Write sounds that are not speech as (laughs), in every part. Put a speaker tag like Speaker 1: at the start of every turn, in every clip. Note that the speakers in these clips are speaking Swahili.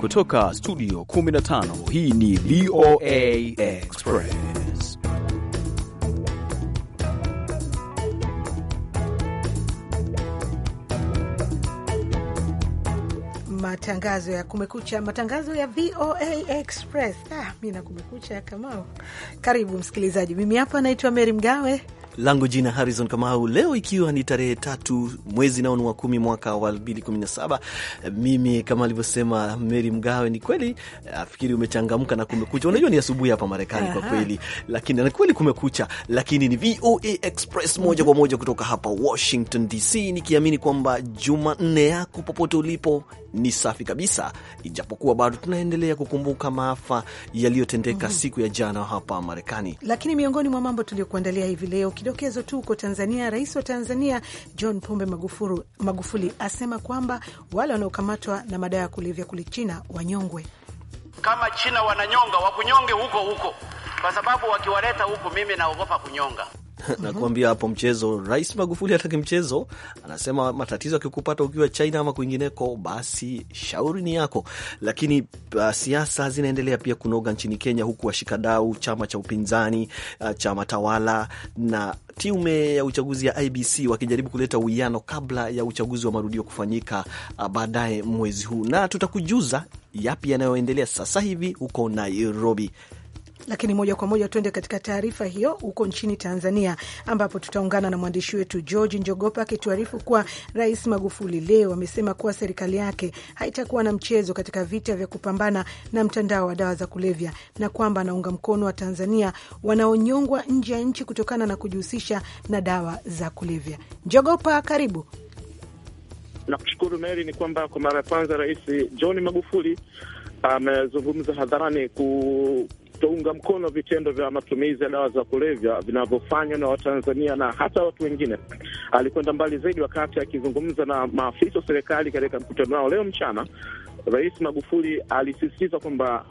Speaker 1: Kutoka studio 15 hii ni VOA Express.
Speaker 2: Matangazo ya kumekucha, matangazo ya VOA Express. Ah, mi na kumekucha ya Kamau. Karibu msikilizaji, mimi hapa naitwa Meri Mgawe
Speaker 1: langu jina Harrison Kamau. Leo ikiwa ni tarehe tatu mwezi naoni wa kumi mwaka wa kumi na saba mimi kama alivyosema Meri Mgawe, ni kweli afikiri umechangamka na kumekucha. Unajua ni asubuhi hapa Marekani kwa kweli, lakini na kweli kumekucha, lakini ni VOA Express moja kwa moja kutoka hapa Washington DC, nikiamini kwamba Jumanne yako popote ulipo ni safi kabisa, ijapokuwa bado tunaendelea kukumbuka maafa yaliyotendeka mm -hmm. siku ya jana hapa Marekani,
Speaker 2: lakini miongoni mwa mambo tuliyokuandalia hivi leo Kidokezo tu huko Tanzania, rais wa Tanzania John Pombe Magufuru, Magufuli asema kwamba wale wanaokamatwa na madawa ya kulevya kule China wanyongwe
Speaker 3: kama China wananyonga, wakunyonge huko huko, kwa sababu wakiwaleta huku mimi naogopa kunyonga.
Speaker 1: (laughs) nakuambia hapo mchezo. Rais Magufuli hataki mchezo, anasema matatizo akikupata ukiwa China ama kwingineko, basi shauri ni yako. Lakini uh, siasa zinaendelea pia kunoga nchini Kenya, huku washikadau, chama cha upinzani, uh, chama tawala na tume ya uchaguzi ya IBC wakijaribu kuleta uwiano kabla ya uchaguzi wa marudio kufanyika uh, baadaye mwezi huu, na tutakujuza yapi yanayoendelea sasa hivi huko Nairobi.
Speaker 2: Lakini moja kwa moja tuende katika taarifa hiyo huko nchini Tanzania, ambapo tutaungana na mwandishi wetu George Njogopa akituarifu kuwa Rais Magufuli leo amesema kuwa serikali yake haitakuwa na mchezo katika vita vya kupambana na mtandao wa dawa za kulevya na kwamba anaunga mkono wa Tanzania wanaonyongwa nje ya nchi kutokana na kujihusisha na dawa za kulevya. Njogopa, karibu.
Speaker 4: Nakushukuru
Speaker 5: Meri. Ni kwamba kwa mara ya kwanza Rais John Magufuli amezungumza hadharani ku kutounga mkono vitendo vya matumizi ya dawa za kulevya vinavyofanywa na Watanzania na hata watu wengine. Alikwenda mbali zaidi wakati akizungumza na maafisa wa serikali katika mkutano wao leo mchana. Rais Magufuli alisisitiza kwamba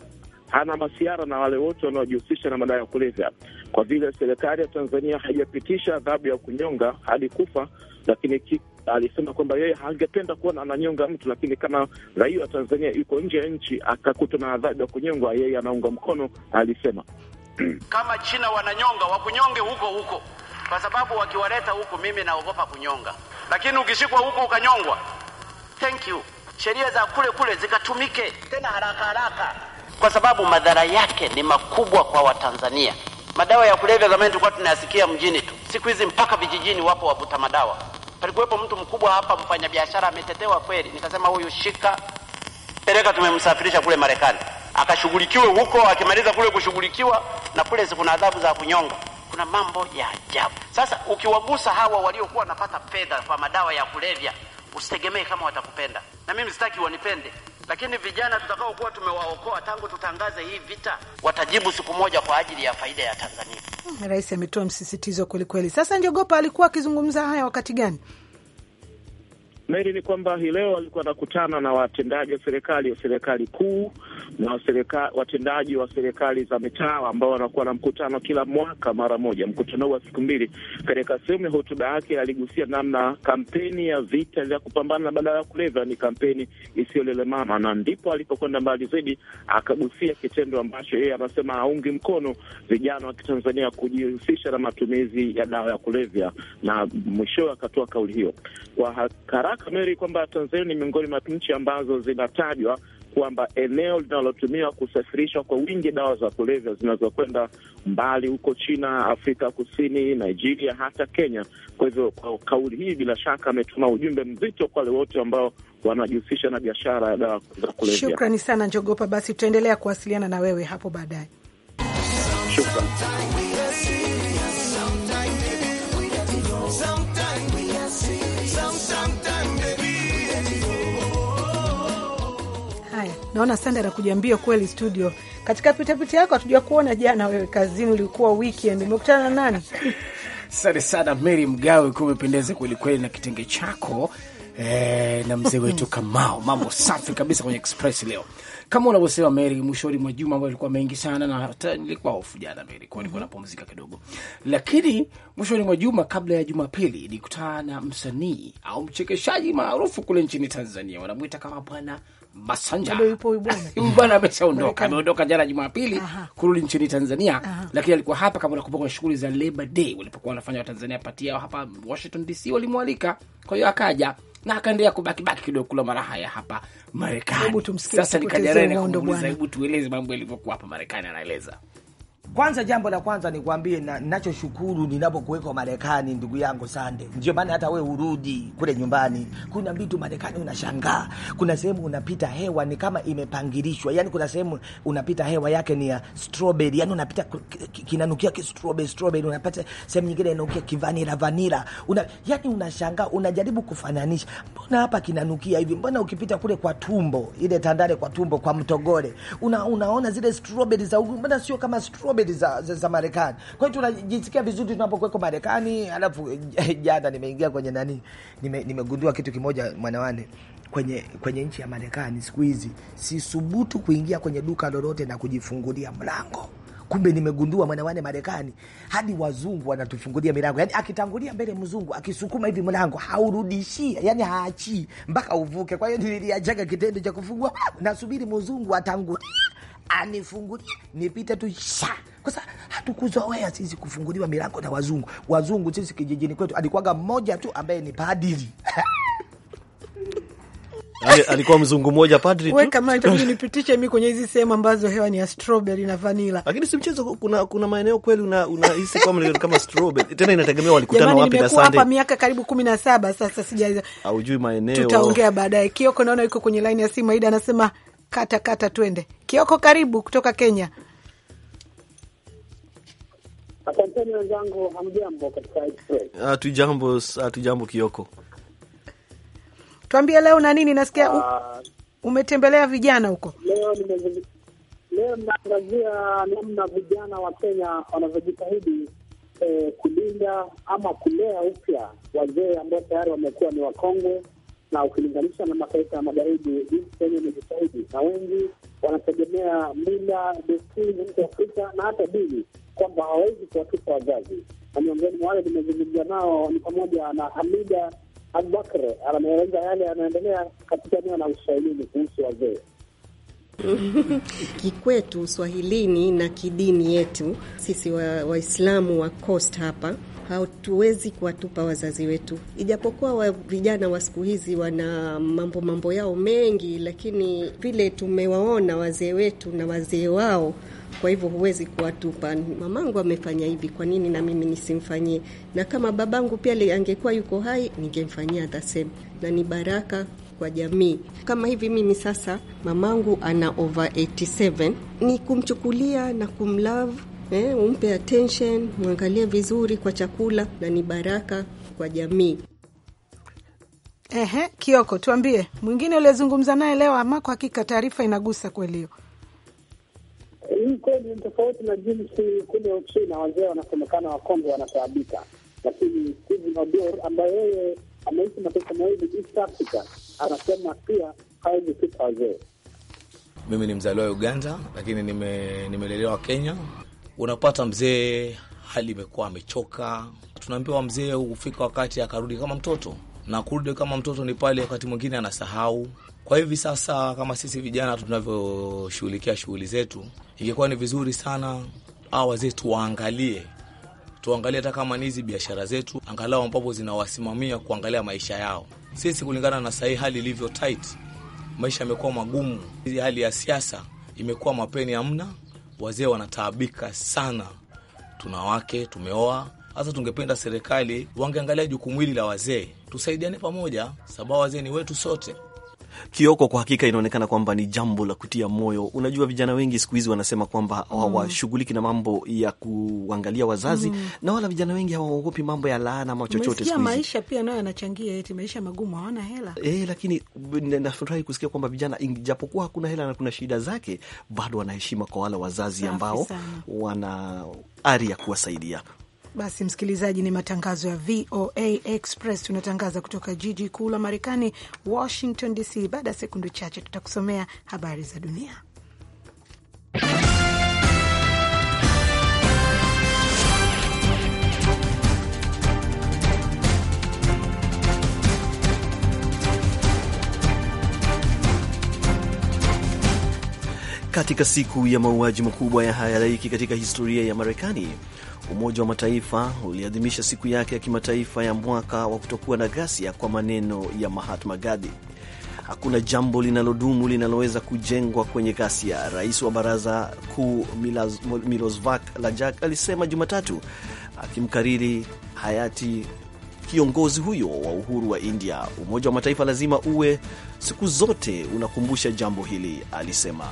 Speaker 5: hana masiara na wale wote wanaojihusisha na madawa ya kulevya, kwa vile serikali ya Tanzania haijapitisha adhabu ya kunyonga hadi kufa, lakini ki, alisema kwamba yeye hangependa kuona ananyonga mtu, lakini kama raia wa Tanzania yuko nje ya nchi akakutwa na adhabu ya kunyongwa, yeye anaunga mkono, alisema (clears throat)
Speaker 3: kama China wananyonga wakunyonge huko huko, kwa sababu wakiwaleta huku mimi naogopa kunyonga, lakini ukishikwa huko ukanyongwa, thank you, sheria za kule kule zikatumike tena haraka haraka kwa sababu madhara yake ni makubwa kwa Watanzania. Madawa ya kulevya zamani tulikuwa tunayasikia mjini tu, siku hizi mpaka vijijini wapo wavuta madawa. Palikuwepo mtu mkubwa hapa, mfanyabiashara ametetewa kweli, nikasema huyu shika, peleka, tumemsafirisha kule Marekani akashughulikiwe huko. Akimaliza kule kushughulikiwa, na kule kuna adhabu za kunyonga. Kuna mambo ya ajabu. Sasa ukiwagusa hawa waliokuwa wanapata fedha kwa madawa ya kulevya, usitegemee kama watakupenda, na mimi sitaki wanipende. Lakini vijana tutakaokuwa tumewaokoa tangu tutangaze hii vita watajibu siku moja kwa ajili ya faida ya Tanzania.
Speaker 2: rais ametoa msisitizo kwelikweli. Sasa Njogopa alikuwa akizungumza haya wakati gani?
Speaker 3: Meri, ni kwamba
Speaker 5: hii leo alikuwa wanakutana na watendaji wa serikali wa serikali kuu na watendaji wa serikali za mitaa ambao wanakuwa na mkutano kila mwaka mara moja, mkutano huu wa siku mbili. Katika sehemu ya hotuba yake aligusia namna kampeni ya vita vya kupambana na madawa ya kulevya ni kampeni isiyolelemama, na ndipo alipokwenda mbali zaidi, akagusia kitendo ambacho yeye anasema aungi mkono vijana wa Kitanzania kujihusisha na matumizi ya dawa ya kulevya, na mwishowe akatoa kauli hiyo kwa haraka Meri, kwamba Tanzania ni miongoni mwa nchi ambazo zinatajwa kwamba eneo linalotumiwa kusafirishwa kwa wingi dawa za kulevya zinazokwenda mbali huko China, Afrika Kusini, Nigeria, hata Kenya. Kwa hivyo, kwa kauli hii, bila shaka ametuma ujumbe mzito kwa wale wote ambao wanajihusisha na biashara ya dawa za kulevya. Shukrani
Speaker 2: sana Njogopa, basi tutaendelea kuwasiliana na wewe hapo baadaye.
Speaker 6: Shukrani.
Speaker 2: naona Sanda anakuja mbio kweli studio. Katika pitapita yako hatuja kuona jana, wewe kazini ulikuwa weekend, umekutana na nani?
Speaker 7: Asante sana Mary Mgawe, ukiwa umependeza kwelikweli na kitenge chako e, na mzee wetu (laughs) Kamao. Mambo safi kabisa kwenye Express leo kama unavyosema Meri, mwishoni mwa juma ambayo ilikuwa mengi sana, na hata nilikuwa hofu jana Meri kwa nilikuwa mm-hmm. napumzika kidogo, lakini mwishoni mwa juma, kabla ya Jumapili, nilikutana na msanii au mchekeshaji maarufu kule nchini Tanzania, wanamwita kama Bwana Masanja bwana ameshaondoka, ameondoka jana Jumapili kurudi nchini Tanzania. Lakini alikuwa hapa, kama unakumbuka, kwa shughuli za Labor Day walipokuwa wanafanya Watanzania pati yao hapa Washington DC, walimwalika kwa hiyo akaja na akaendelea kubakibaki kidogo kula maraha ya hapa Marekani. Sasa nikajarani kumuuliza, hebu tueleze mambo yalivyokuwa hapa Marekani, anaeleza kwanza, jambo la kwanza nikwambie, na ninachoshukuru ninapokuwekwa Marekani, ndugu yangu Sande, ndio maana hata we urudi kule nyumbani, kuna vitu Marekani unashangaa. Kuna sehemu unapita hewa ni kama imepangilishwa, yani kuna sehemu unapita hewa yake ni ya strawberry, yani unapita kinanukia ki strawberry strawberry, unapata sehemu nyingine inanukia kivanila vanila, una yani unashangaa, unajaribu kufananisha, mbona hapa kinanukia hivi, mbona ukipita kule kwa tumbo ile Tandale kwa tumbo kwa Mtogole una, unaona zile strawberry za mbona sio kama strawberry trade za, za, za Marekani. Kwa hiyo tunajisikia vizuri tunapokuweko Marekani. Alafu eh, jana nimeingia kwenye nani, nimegundua nime kitu kimoja mwanawane kwenye kwenye nchi ya Marekani siku hizi sisubutu kuingia kwenye duka lolote na kujifungulia mlango. Kumbe nimegundua mwanawane, Marekani hadi wazungu wanatufungulia milango, yani akitangulia mbele mzungu akisukuma hivi mlango haurudishia, yani haachii mpaka uvuke. Kwa hiyo niliachaga kitendo cha kufungua, nasubiri mzungu atangulia anifungulia nipite tu sha kasa hatukuzoea sisi kufunguliwa milango na wazungu. Wazungu sisi kijijini kwetu alikuwaga mmoja tu ambaye ni padiri (laughs)
Speaker 1: alikuwa mzungu mmoja padri tu. Kama itabidi (laughs)
Speaker 7: nipitishe mimi kwenye hizi sehemu ambazo hewa ni ya
Speaker 1: strawberry na vanilla. Lakini si mchezo, kuna kuna maeneo kweli una unahisi kama kama strawberry. Tena inategemea walikutana wapi na Sunday. Hapa
Speaker 2: miaka karibu 17 sasa sijaiza.
Speaker 1: Haujui maeneo. Tutaongea
Speaker 2: baadaye. Kioko naona yuko kwenye line ya simu. Aida anasema katakata kata, twende Kioko, karibu kutoka
Speaker 4: Kenya. Asanteni wenzangu, hamjambo katika
Speaker 1: hatujambo, hatujambo. Kioko,
Speaker 2: tuambie leo na nini? Nasikia uh, umetembelea vijana huko
Speaker 4: leo. Leo nimeangazia namna vijana wa Kenya wanavyojitahidi eh, kulinda ama kulea upya wazee ambao tayari wamekuwa ni wakongwe na ukilinganisha na mataifa ya magharibi, jinsi Kenya imejitahidi, na wengi wanategemea mila, desturi za nchi Afrika na hata dini, kwamba hawawezi kuwatupa wazazi. Na miongoni mwa wale tumezungumza nao ni pamoja na Hamida Abubakar, anaeleza yale yanaendelea katika eneo la uswahilini kuhusu wazee.
Speaker 2: Kikwetu uswahilini na kidini yetu sisi Waislamu wa, wa coast hapa hatuwezi kuwatupa wazazi wetu, ijapokuwa wa vijana wa siku hizi wana mambo mambo yao mengi, lakini vile tumewaona wazee wetu na wazee wao kwa hivyo huwezi kuwatupa. Mamangu amefanya hivi, kwa nini na mimi nisimfanyie? Na kama babangu pia angekuwa yuko hai, ningemfanyia the same, na ni baraka kwa jamii. Kama hivi mimi sasa, mamangu ana over 87, ni kumchukulia na kumlove eh, umpe attention, mwangalie vizuri kwa chakula, na ni baraka kwa jamii. Ehe, Kioko, tuambie mwingine uliozungumza naye leo, ama kwa hakika taarifa inagusa kweli hiyo
Speaker 4: hii kweli ni tofauti na jinsi kule Uchina wazee wanasemekana Wakongo wanataabika, lakini Stephen Obior ambaye yeye ameishi mataifa mawili East Africa anasema pia hawezi pita wazee.
Speaker 7: Mimi ni mzaliwa wa Uganda, lakini nimelelewa nime Kenya unapata mzee hali imekuwa amechoka. Tunaambiwa mzee hufika wakati akarudi kama mtoto, na kurudi kama mtoto ni pale wakati mwingine anasahau. Kwa hivi sasa, kama sisi vijana tunavyoshughulikia shughuli zetu, ingekuwa ni vizuri sana a wazee tuwaangalie, tuangalie hata kama ni hizi biashara zetu angalau ambapo zinawasimamia kuangalia maisha yao. Sisi kulingana na sahii hali ilivyo tight, maisha yamekuwa magumu, hali ya siasa imekuwa mapeni amna wazee wanataabika sana. Tuna wake tumeoa sasa, tungependa serikali wangeangalia jukumu hili la wazee, tusaidiane pamoja, sababu wazee ni wetu sote.
Speaker 1: Kioko, kwa hakika inaonekana kwamba ni jambo la kutia moyo. Unajua, vijana wengi siku hizi wanasema kwamba mm. hawashughuliki mm. na mambo ya kuangalia wazazi mm. na wala vijana wengi hawaogopi mambo ya laana ama chochote Maisha
Speaker 2: pia nayo yanachangia, eti maisha magumu, hawana hela
Speaker 1: e, lakini nafurahi kusikia kwamba vijana, japokuwa hakuna hela na kuna shida zake, bado wanaheshima kwa wale wazazi ambao wana ari ya kuwasaidia.
Speaker 2: Basi msikilizaji, ni matangazo ya VOA Express, tunatangaza kutoka jiji kuu la Marekani, Washington DC. Baada ya sekunde chache, tutakusomea habari za dunia.
Speaker 1: Katika siku ya mauaji makubwa ya halaiki katika historia ya Marekani, Umoja wa Mataifa uliadhimisha siku yake ya kimataifa ya mwaka wa kutokuwa na ghasia kwa maneno ya Mahatma Gandhi. Hakuna jambo linalodumu linaloweza kujengwa kwenye ghasia, rais wa baraza kuu milosvak Lajak alisema Jumatatu, akimkariri hayati kiongozi huyo wa uhuru wa India. Umoja wa Mataifa lazima uwe siku zote unakumbusha jambo hili, alisema.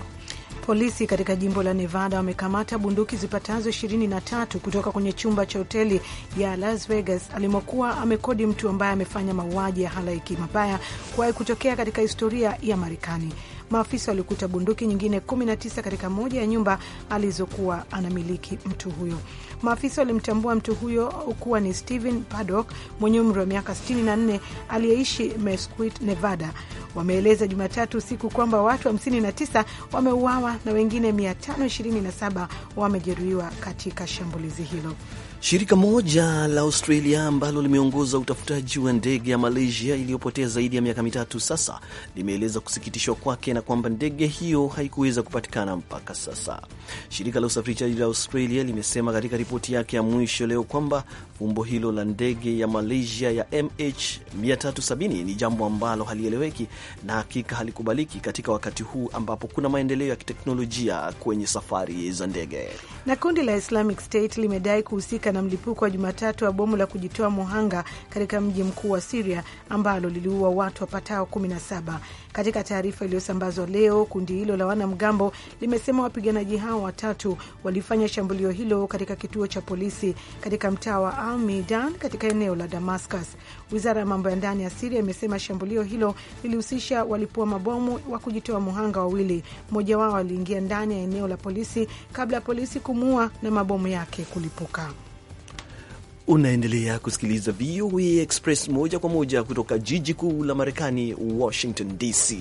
Speaker 2: Polisi katika jimbo la Nevada wamekamata bunduki zipatazo 23 kutoka kwenye chumba cha hoteli ya Las Vegas alimokuwa amekodi mtu ambaye amefanya mauaji ya halaiki mabaya kuwahi kutokea katika historia ya Marekani. Maafisa walikuta bunduki nyingine 19 katika moja ya nyumba alizokuwa anamiliki mtu huyo. Maafisa walimtambua mtu huyo kuwa ni Stephen Paddock mwenye umri wa miaka 64 aliyeishi Mesquite, Nevada. Wameeleza Jumatatu usiku kwamba watu 59 wa wameuawa na wengine 527 wamejeruhiwa katika shambulizi hilo.
Speaker 1: Shirika moja la Australia ambalo limeongoza utafutaji wa ndege ya Malaysia iliyopotea zaidi ya miaka mitatu sasa limeeleza kusikitishwa kwake na kwamba ndege hiyo haikuweza kupatikana mpaka sasa. Shirika la usafirishaji la Australia limesema katika ripoti yake ya mwisho leo kwamba fumbo hilo la ndege ya Malaysia ya MH370 ni jambo ambalo halieleweki na hakika halikubaliki katika wakati huu ambapo kuna maendeleo ya kiteknolojia kwenye safari za ndege.
Speaker 2: Na kundi la Islamic State limedai kuhusika na mlipuko wa Jumatatu wa bomu la kujitoa muhanga katika mji mkuu wa Siria ambalo liliua watu wapatao 17. Katika taarifa iliyosambazwa leo, kundi hilo la wanamgambo limesema wapiganaji hao watatu walifanya shambulio hilo katika kituo cha polisi katika mtaa wa Almidan katika eneo la Damascus. Wizara ya mambo ya ndani ya Siria imesema shambulio hilo lilihusisha walipua mabomu wa kujitoa muhanga wawili. Mmoja wao aliingia ndani ya eneo la polisi kabla ya polisi kumuua na mabomu yake kulipuka.
Speaker 1: Unaendelea kusikiliza VOA Express moja kwa moja kutoka jiji kuu la Marekani, Washington DC.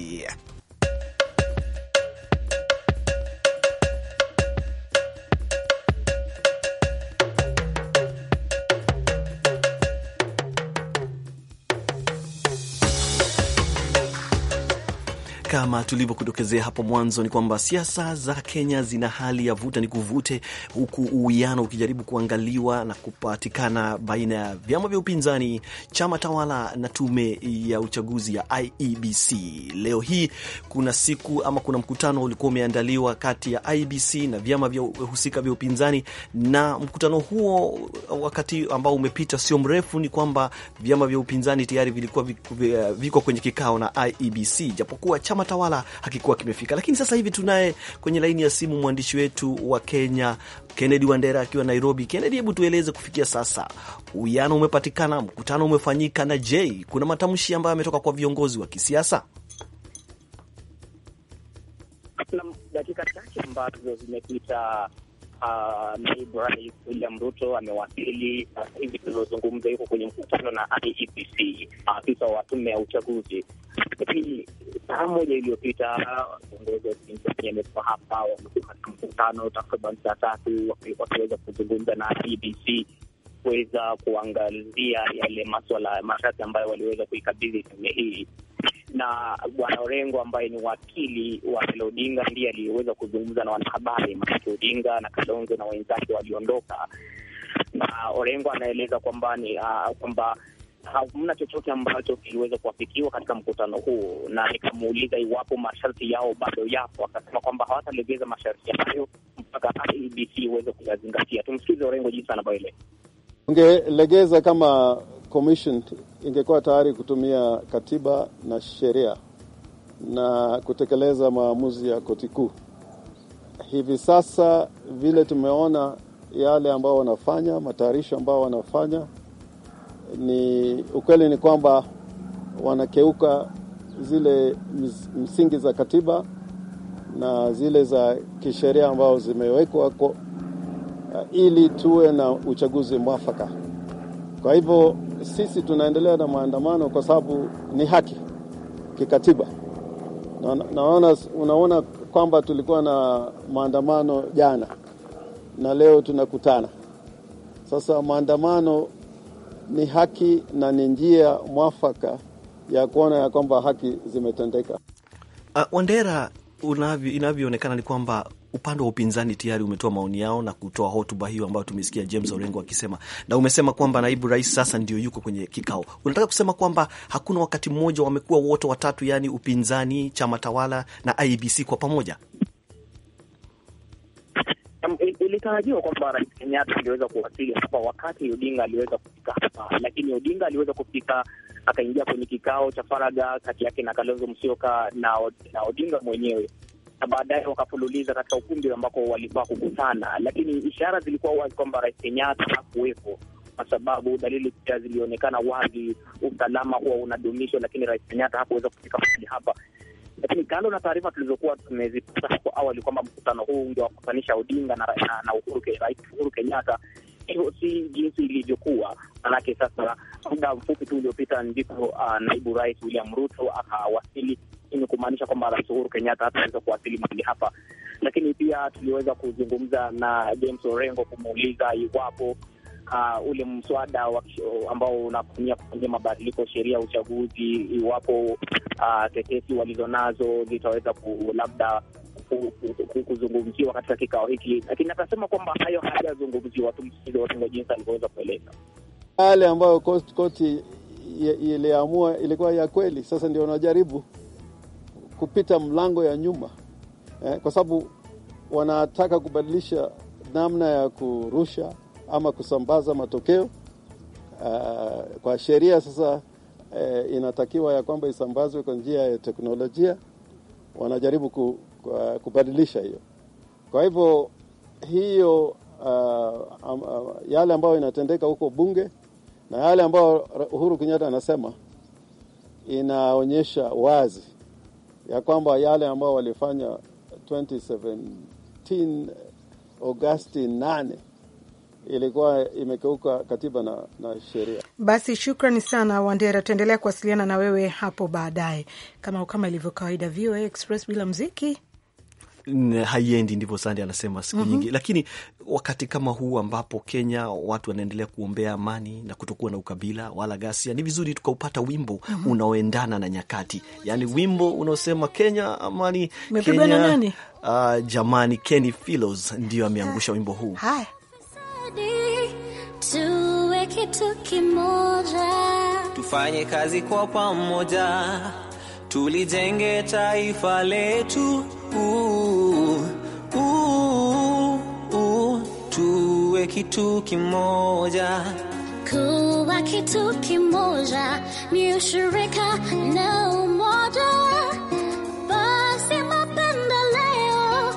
Speaker 1: kama tulivyokudokezea hapo mwanzo, ni kwamba siasa za Kenya zina hali ya vuta ni kuvute, huku uwiano ukijaribu kuangaliwa na kupatikana baina ya vyama vya upinzani, chama tawala na tume ya uchaguzi ya IEBC. Leo hii kuna siku ama kuna mkutano ulikuwa umeandaliwa kati ya IEBC na vyama vya husika vya upinzani, na mkutano huo wakati ambao umepita sio mrefu, ni kwamba vyama vya upinzani tayari vilikuwa viko kwenye kikao na IEBC, japokuwa chama tawala hakikuwa kimefika. Lakini sasa hivi tunaye kwenye laini ya simu mwandishi wetu wa Kenya Kennedy Wandera akiwa Nairobi. Kennedy, hebu tueleze kufikia sasa uwiano umepatikana, mkutano umefanyika, na je, kuna matamshi ambayo ametoka kwa viongozi wa kisiasa?
Speaker 4: Dakika chache ambazo zimepita uh, naibu rais William Ruto amewasili uh, hivi tulivyozungumza, yuko kwenye mkutano na IEBC, afisa uh, wa tume ya uchaguzi. Lakini saa moja iliyopita viongozi wa upinzani amekuwa hapa, wamekuwa katika mkutano takriban saa tatu wakiweza kuzungumza na IEBC kuweza kuangazia yale maswala ya ambayo waliweza kuikabidhi tume hii, na bwana Orengo ambaye ni wakili wa Raila Odinga ndiye aliyeweza kuzungumza na wanahabari, maanake Odinga na Kalonzo na wenzake waliondoka, na Orengo anaeleza kwamba ni uh, kwamba hamna chochote ambacho kiliweza kuafikiwa katika mkutano huo, na nikamuuliza iwapo masharti yao bado yapo, akasema kwamba hawatalegeza masharti hayo mpaka IEBC iweze kuyazingatia. Tumsikize Orengo jinsi anavyoeleza.
Speaker 8: Ungelegeza kama commission ingekuwa tayari kutumia katiba na sheria na kutekeleza maamuzi ya koti kuu. Hivi sasa vile tumeona yale ambao wanafanya matayarisho ambao wanafanya ni ukweli ni kwamba wanakeuka zile msingi za katiba na zile za kisheria ambao zimewekwa ili tuwe na uchaguzi mwafaka. Kwa hivyo sisi tunaendelea na maandamano kwa sababu ni haki kikatiba. Na, naona, unaona kwamba tulikuwa na maandamano jana na leo tunakutana sasa. Maandamano ni haki na ni njia mwafaka ya kuona ya kwamba haki zimetendeka.
Speaker 1: Uh, Wandera, inavyoonekana ni kwamba upande wa upinzani tayari umetoa maoni yao na kutoa hotuba hiyo ambayo tumesikia James Orengo akisema, na umesema kwamba naibu rais sasa ndio yuko kwenye kikao. Unataka kusema kwamba hakuna wakati mmoja wamekuwa wote watatu, yaani upinzani, chama tawala na IBC kwa pamoja?
Speaker 4: Um, ilitarajiwa kwamba rais Kenyatta angeweza kuwasili hapa wakati Odinga aliweza kufika hapa, lakini Odinga aliweza kufika akaingia kwenye kikao cha faraga kati yake na Kalonzo Musyoka na, na Odinga mwenyewe na baadaye wakafululiza katika ukumbi ambako walikuwa kukutana, lakini ishara zilikuwa wazi kwamba Rais Kenyatta hakuwepo kwa sababu dalili pia zilionekana wazi, usalama huwa unadumishwa, lakini Rais Kenyatta hakuweza kufika mahali hapa. Lakini kando na taarifa tulizokuwa tumezipata hapo awali kwamba mkutano huu ungewakutanisha Odinga na, na, na Rais Uhuru Kenyatta, si jinsi ilivyokuwa, manake sasa muda mfupi tu uliopita ndipo uh, naibu rais William Ruto akawasili. ni kumaanisha kwamba rais Uhuru Kenyatta hataweza kuwasili mahali hapa, lakini pia tuliweza kuzungumza na James Orengo kumuuliza iwapo Uh, ule mswada ambao unafanyia kufanyia mabadiliko sheria ya uchaguzi, iwapo uh, tetesi walizonazo zitaweza labda kuzungumziwa katika kikao hiki, lakini atasema kwamba hayo hayajazungumziwa. Tumsikize Orengo jinsi alivyoweza kueleza
Speaker 8: yale ambayo koti iliamua ilikuwa ya kweli. Sasa ndio wanajaribu kupita mlango ya nyuma eh, kwa sababu wanataka kubadilisha namna ya kurusha ama kusambaza matokeo. Uh, kwa sheria sasa eh, inatakiwa ya kwamba isambazwe kwa njia ya teknolojia. Wanajaribu kwa kubadilisha hiyo. Kwa hivyo hiyo uh, um, uh, yale ambayo inatendeka huko bunge na yale ambayo Uhuru Kenyatta anasema inaonyesha wazi ya kwamba yale ambayo walifanya 2017 Agosti 8 ilikuwa imekeuka katiba na, na sheria.
Speaker 2: Basi shukrani sana Wandera, tutaendelea kuwasiliana na wewe hapo baadaye, kama kama ilivyo kawaida. VOA Express bila mziki
Speaker 1: haiendi ndivyo Sandi anasema siku mm -hmm. nyingi, lakini wakati kama huu ambapo Kenya watu wanaendelea kuombea amani na kutokuwa na ukabila wala ghasia, ni vizuri tukaupata wimbo mm -hmm. unaoendana na nyakati, yaani wimbo unaosema Kenya amani Kenya. Uh, jamani, Kenny Filos ndio ameangusha wimbo huu. Ah,
Speaker 4: tuwe kitu
Speaker 6: kimoja, tufanye kazi kwa pamoja tulijenge taifa letu uh, uh, uh, tuwe kitu kimoja. Kuwa kitu kimoja ni ushirika na umoja, basi mapendeleo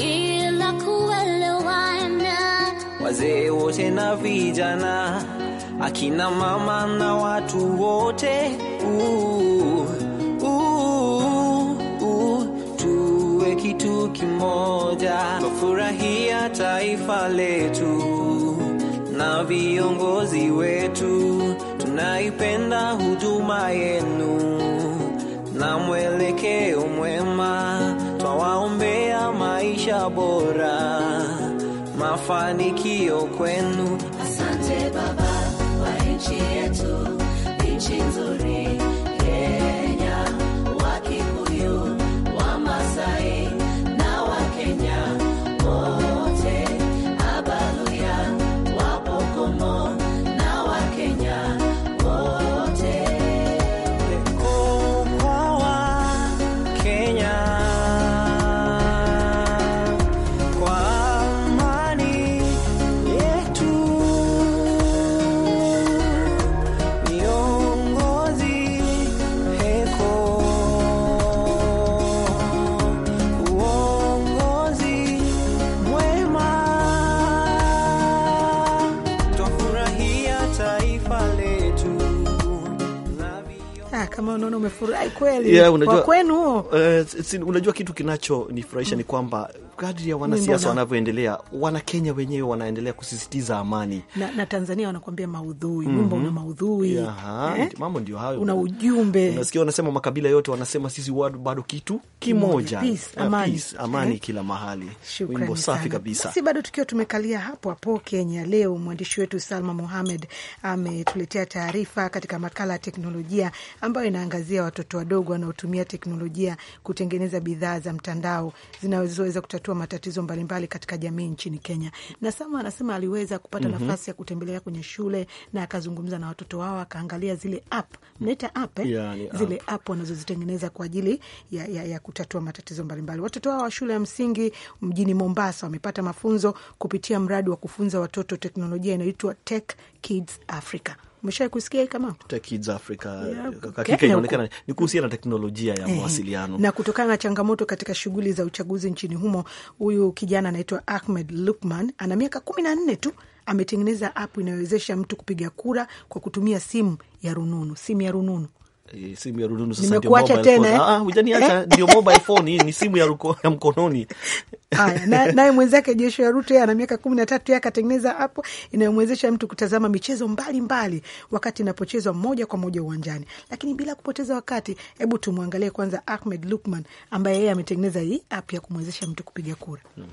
Speaker 6: ila kuelewana, wazee wote na vijana, akina mama na watu wote uh, kitu kimoja, tufurahia taifa letu na viongozi wetu, tunaipenda huduma yenu na mwelekeo mwema, twawaombea maisha bora, mafanikio kwenu. Asante Baba wa nchi yetu, nchi nzuri
Speaker 2: kweli yeah, unajua, kwa kwenu
Speaker 1: uh, unajua kitu kinachonifurahisha mm. ni kwamba kadri ya wanasiasa wanavyoendelea, Wanakenya wenyewe wanaendelea kusisitiza amani
Speaker 2: na, na Tanzania wanakuambia maudhui mm -hmm. Wimbo una
Speaker 1: maudhui eh? Mambo ndio hayo, una ujumbe. Unasikia wanasema makabila yote wanasema sisi bado kitu kimoja, peace, ah, amani, peace, amani eh? Kila mahali. wimbo safi kabisa. Si
Speaker 2: bado tukiwa tumekalia hapo hapo Kenya, leo mwandishi wetu Salma Mohamed ametuletea taarifa katika makala ya teknolojia ambayo inaangazia watoto wadogo wanaotumia teknolojia kutengeneza bidhaa za mtandao zinazoweza kutatua kutatua matatizo mbalimbali mbali katika jamii nchini Kenya. Na Sama anasema aliweza kupata mm -hmm. nafasi ya kutembelea kwenye shule na akazungumza na watoto wao, akaangalia zile app mnaita app eh? yeah, zile app, wanazozitengeneza kwa ajili ya, ya, ya kutatua matatizo mbalimbali Watoto hao wa shule ya msingi mjini Mombasa wamepata mafunzo kupitia mradi wa kufunza watoto teknolojia inayoitwa Tech Kids Africa. Umeshawahi kusikia kama
Speaker 1: Tech Africa hakika inaonekana ni kuhusiana na teknolojia ya eh, mawasiliano na
Speaker 2: kutokana na changamoto katika shughuli za uchaguzi nchini humo. Huyu kijana anaitwa Ahmed Lukman, ana miaka kumi na nne tu ametengeneza app inayowezesha mtu kupiga kura kwa kutumia simu ya rununu, simu ya rununu
Speaker 1: E, simu ya rununu sasa ndio mobile tena. Ah, ah hujaniacha eh? ndio mobile phone hii ni simu ya ruko, ya mkononi. Haya, naye na
Speaker 2: mwenzake ya Ruto ana miaka 13 yake akatengeneza hapo inayomwezesha mtu kutazama michezo mbalimbali mbali, wakati inapochezwa moja kwa moja uwanjani. Lakini bila kupoteza wakati, hebu tumwangalie kwanza Ahmed Lukman ambaye yeye ametengeneza hii app ya kumwezesha mtu kupiga kura.
Speaker 7: Hmm.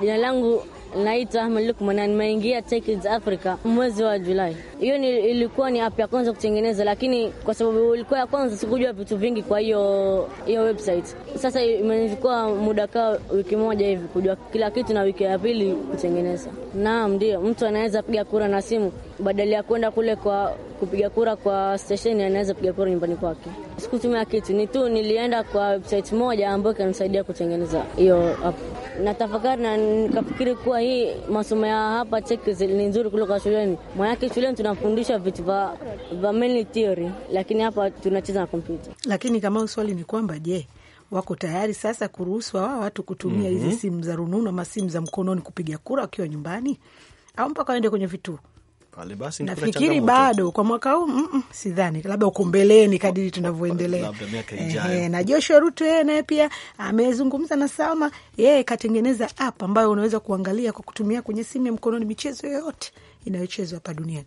Speaker 9: Jina langu naitwa Ahmed Lukman nimeingia Tech Kids Africa mwezi wa Julai. Hiyo ilikuwa ni app ya kwanza kutengeneza, lakini kwa sababu ilikuwa ya kwanza sikujua vitu vingi, kwa hiyo hiyo website. Sasa imenichukua muda kaa wiki moja hivi kujua kila kitu, na wiki ya pili kutengeneza. Naam, ndio mtu anaweza piga kura na simu, badala ya kwenda kule kwa kupiga kura kwa stesheni, anaweza piga kura nyumbani kwake. Sikutumia kitu, ni tu nilienda kwa website moja ambayo kanisaidia kutengeneza hiyo app na tafakari na nikafikiri kuwa hii masomo ya hapa Czech ni nzuri kuliko shuleni. mwanake shuleni tunafundisha vitu vya mainly theory, lakini hapa tunacheza na kompyuta.
Speaker 2: Lakini kama swali ni kwamba je, wako tayari sasa kuruhusu hawa watu kutumia hizi mm -hmm. simu za rununu ama simu za mkononi kupiga kura wakiwa nyumbani au mpaka waende kwenye vituo?
Speaker 1: pale, basi nafikiri bado
Speaker 2: kwa mwaka huu mm -mm, sidhani, labda uko mbeleni kadiri tunavyoendelea na Joshua Ruto yeye naye pia amezungumza na Salma, yeye katengeneza app ambayo unaweza kuangalia kwa kutumia kwenye simu ya mkononi michezo yoyote inayochezwa hapa duniani.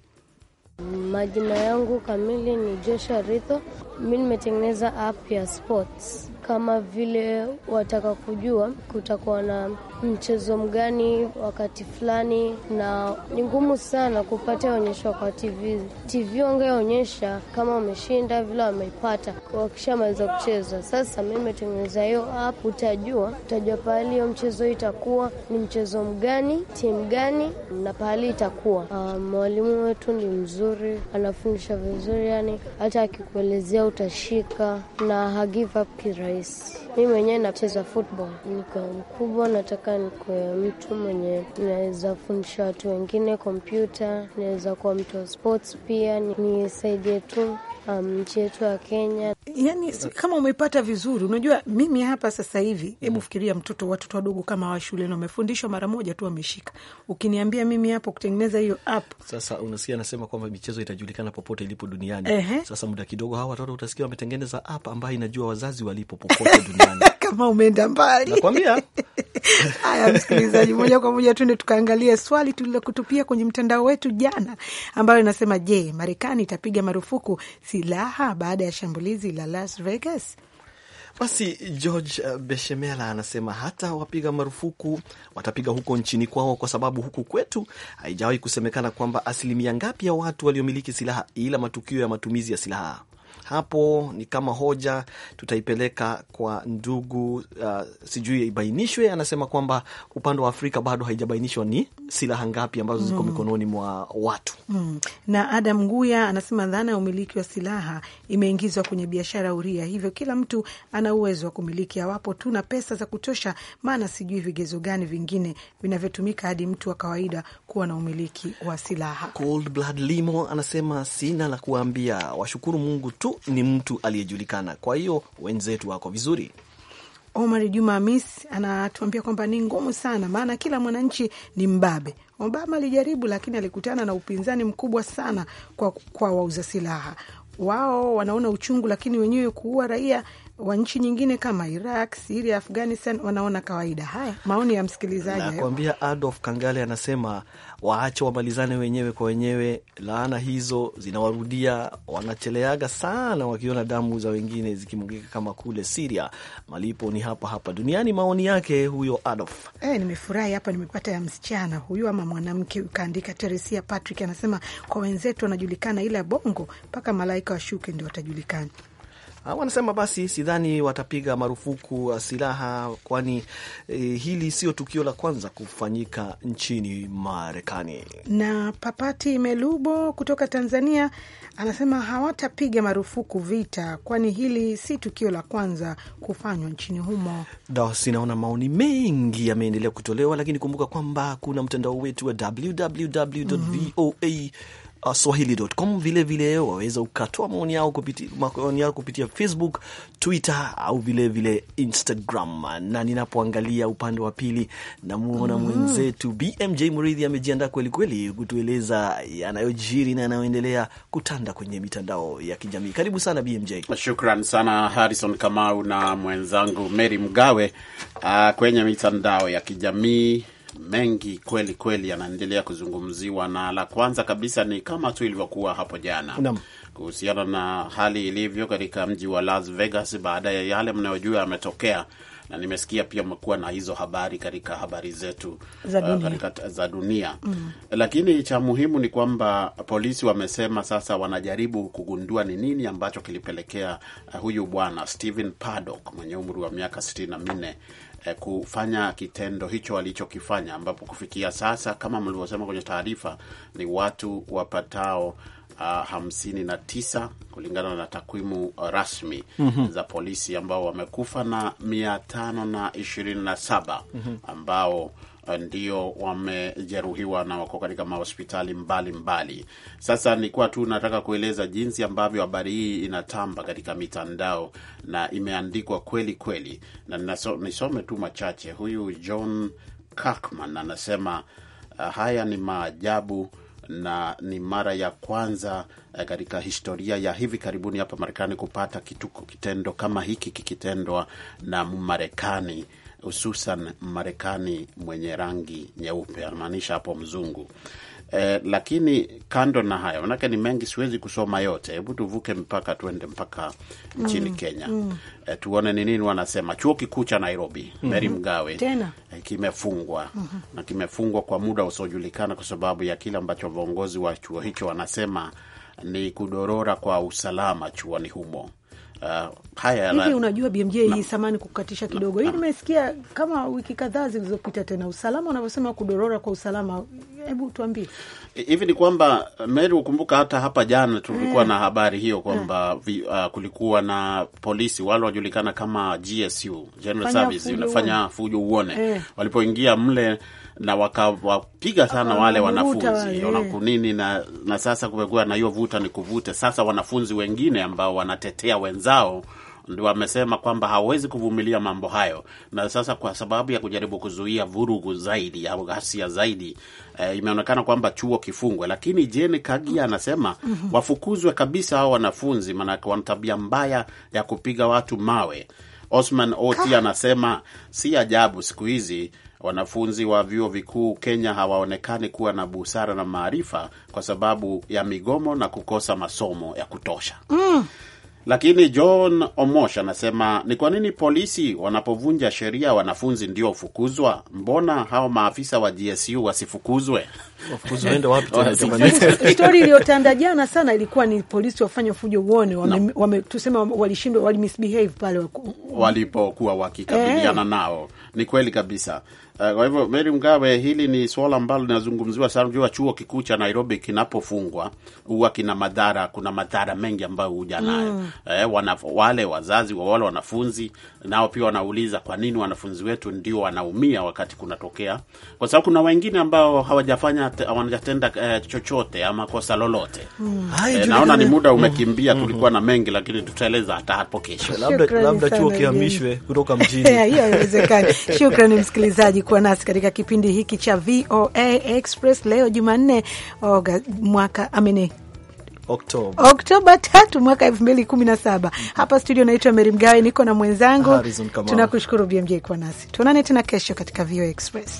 Speaker 2: Majina yangu kamili ni Joshua Ruto, mi nimetengeneza app ya sports
Speaker 6: kama vile wataka kujua kutakuwa na mchezo mgani wakati fulani, na ni ngumu sana kupata onyesho kwa TV.
Speaker 2: TV wangeonyesha kama wameshinda vile wameipata wakishamaliza kucheza. Sasa
Speaker 6: mi metengeneza hiyo app, utajua utajua pahali hiyo mchezo itakuwa ni mchezo mgani, timu gani na pahali itakuwa. Ah, mwalimu um, wetu ni mzuri, anafundisha vizuri, yani hata akikuelezea utashika na hagive up
Speaker 5: kirahisi rais.
Speaker 6: Mi mwenyewe nacheza football, nikiwa mkubwa nataka nikuwe mtu
Speaker 2: mwenye naweza fundisha watu wengine kompyuta, naweza kuwa mtu wa sports pia, nisaidie tu nchi um, yetu ya Kenya. Yani kama umepata vizuri, unajua mimi hapa sasa hivi, hebu mm-hmm. fikiria mtoto, watoto wadogo kama wa shuleni wamefundishwa mara moja tu, wameshika. Ukiniambia mimi hapo kutengeneza hiyo app,
Speaker 1: sasa unasikia anasema kwamba michezo itajulikana popote ilipo duniani. Ehe. Sasa muda kidogo hawa watoto utasikia wametengeneza app ambayo inajua wazazi walipo popote (laughs) duniani
Speaker 6: kama umeenda mbali, nakwambia. (laughs) Haya, msikilizaji, moja kwa
Speaker 2: moja tuende tukaangalia swali tulilokutupia kwenye mtandao wetu jana, ambayo inasema je, Marekani itapiga marufuku silaha baada ya shambulizi la Las Vegas?
Speaker 1: Basi George eh, Beshemela anasema hata wapiga marufuku watapiga huko nchini kwao, kwa sababu huku kwetu haijawahi kusemekana kwamba asilimia ngapi ya watu waliomiliki silaha, ila matukio ya matumizi ya silaha hapo ni kama hoja tutaipeleka kwa ndugu uh, sijui ibainishwe. Anasema kwamba upande wa Afrika bado haijabainishwa ni silaha ngapi ambazo ziko mm. mikononi mwa watu
Speaker 2: mm. na Adam Nguya anasema dhana ya umiliki wa silaha imeingizwa kwenye biashara huria, hivyo kila mtu ana uwezo wa kumiliki awapo tu na pesa za kutosha, maana sijui vigezo gani vingine vinavyotumika hadi mtu wa kawaida kuwa na umiliki wa silaha.
Speaker 1: Cold Blood Limo anasema sina la kuwambia washukuru Mungu tu ni mtu aliyejulikana. Kwa hiyo wenzetu wako vizuri.
Speaker 2: Omar Juma amis anatuambia kwamba ni ngumu sana, maana kila mwananchi ni mbabe. Obama alijaribu, lakini alikutana na upinzani mkubwa sana kwa, kwa wauza silaha wao wanaona uchungu, lakini wenyewe kuua raia wa nchi nyingine kama Iraq, Siria, Afghanistan wanaona kawaida. Haya maoni ya msikilizaji,
Speaker 1: nakwambia Adolf Kangale anasema waache wamalizane wenyewe kwa wenyewe, laana hizo zinawarudia. Wanacheleaga sana wakiona damu za wengine zikimwagika kama kule Siria, malipo ni hapa hapa duniani. Maoni yake huyo Adolf.
Speaker 2: E, nimefurahi hapa nimepata ya msichana huyu ama mwanamke ukaandika. Teresia Patrick anasema kwa wenzetu wanajulikana, ila bongo mpaka malaika washuke ndio watajulikana.
Speaker 1: Ah, wanasema basi, sidhani watapiga marufuku ah, silaha, kwani e, hili sio tukio la kwanza kufanyika nchini Marekani.
Speaker 2: Na Papati Melubo kutoka Tanzania anasema hawatapiga marufuku vita, kwani hili si tukio la kwanza kufanywa nchini humo.
Speaker 1: Basi naona maoni mengi yameendelea kutolewa, lakini kumbuka kwamba kuna mtandao wetu wa www mhm. voa swahili.com. Vilevile waweza ukatoa maoni yao kupitia, kupitia Facebook, Twitter au vilevile vile Instagram. Na ninapoangalia upande wa pili namuona mm mwenzetu BMJ Mridhi amejiandaa kwelikweli kutueleza yanayojiri na yanayoendelea kutanda kwenye mitandao ya kijamii. Karibu sana BMJ.
Speaker 9: Shukran sana Harrison Kamau na mwenzangu Mary Mgawe. Uh, kwenye mitandao ya kijamii mengi kweli kweli yanaendelea kuzungumziwa, na la kwanza kabisa ni kama tu ilivyokuwa hapo jana kuhusiana na hali ilivyo katika mji wa Las Vegas baada ya yale mnayojua yametokea na nimesikia pia umekuwa na hizo habari katika habari zetu za uh, dunia, uh, katika, za dunia. Mm. Lakini cha muhimu ni kwamba polisi wamesema sasa wanajaribu kugundua ni nini ambacho kilipelekea uh, huyu bwana Stephen Paddock mwenye umri wa miaka sitini na minne eh, kufanya kitendo hicho walichokifanya, ambapo kufikia sasa kama mlivyosema kwenye taarifa ni watu wapatao uh, ah, 59 kulingana na takwimu rasmi mm -hmm. za polisi ambao wamekufa na 527 mm na mhm. ambao ndio wamejeruhiwa na wako katika mahospitali mbalimbali. Sasa nilikuwa tu nataka kueleza jinsi ambavyo habari hii inatamba katika mitandao na imeandikwa kweli kweli, na nisome tu machache. Huyu John Kakman anasema ah, haya ni maajabu na ni mara ya kwanza eh, katika historia ya hivi karibuni hapa Marekani kupata kituko kitendo kama hiki kikitendwa na Marekani hususan Marekani mwenye rangi nyeupe, anamaanisha hapo mzungu. Eh, lakini kando na hayo, manake ni mengi, siwezi kusoma yote. Hebu tuvuke mpaka tuende mpaka
Speaker 8: nchini mm, Kenya mm.
Speaker 9: Eh, tuone ni nini wanasema. Chuo kikuu cha Nairobi mm -hmm. Mary Mgawe eh, kimefungwa mm -hmm. na kimefungwa kwa muda usiojulikana kwa sababu ya kile ambacho viongozi wa chuo hicho wanasema ni kudorora kwa usalama chuoni humo. Uh, haya hivi
Speaker 2: unajua BMJ na, hii samani kukatisha kidogo hii nimesikia kama wiki kadhaa zilizopita tena usalama unavyosema kudorora kwa usalama hebu tuambie
Speaker 9: hivi ni kwamba uh, Mary ukumbuka hata hapa jana tulikuwa mm. na habari hiyo kwamba mm. uh, kulikuwa na polisi wale wajulikana kama GSU General Service unafanya fujo uone eh. walipoingia mle na wakawapiga sana wale wanafunzi nini, na, na sasa kumekuwa na hiyo vuta ni kuvute. Sasa wanafunzi wengine ambao wanatetea wenzao ndio wamesema kwamba hawawezi kuvumilia mambo hayo, na sasa kwa sababu ya kujaribu kuzuia vurugu zaidi au ghasia zaidi e, imeonekana kwamba chuo kifungwe. Lakini Jane Kagia anasema mm -hmm. wafukuzwe kabisa hao wanafunzi, maanake wana tabia mbaya ya kupiga watu mawe. Osman Oti anasema si ajabu siku hizi wanafunzi wa vyuo vikuu Kenya hawaonekani kuwa na busara na maarifa kwa sababu ya migomo na kukosa masomo ya kutosha mm. Lakini John Omosh anasema ni kwa nini polisi wanapovunja sheria wanafunzi ndio hufukuzwa? Mbona hao maafisa wa GSU wasifukuzwe? (laughs) Stori iliyotanda
Speaker 2: jana sana ilikuwa ni polisi wafanya fujo uone no. Tuseme walishindwa, pale
Speaker 9: walipokuwa wakikabiliana eh, nao ni kweli kabisa. Uh, kwa hivyo Mary Mgawe, hili ni swala ambalo linazungumziwa sana. Unajua chuo kikuu cha Nairobi kinapofungwa huwa kina madhara, kuna madhara mengi ambayo huja nayo mm. Eh, wana, wale wazazi wa wale wanafunzi nao pia wanauliza kwa nini wanafunzi wetu ndio wanaumia wakati kunatokea, kwa sababu kuna wengine ambao hawajafanya wanajatenda eh, chochote ama kosa lolote mm. Hai, Eh, naona ni muda mm. umekimbia mm. Tulikuwa na mengi, lakini tutaeleza hata hapo kesho, labda chuo kihamishwe kutoka (laughs) mjini hiyo haiwezekani. (laughs) Shukrani
Speaker 2: msikilizaji kuwa nasi katika kipindi hiki cha VOA Express leo Jumanne mwaka amene Oktoba, tatu mwaka elfu mbili kumi na saba. Mm. Hapa studio naitwa Meri Mgawe, niko na mwenzangu. Tunakushukuru BMJ kuwa nasi, tuonane tena kesho katika VOA Express.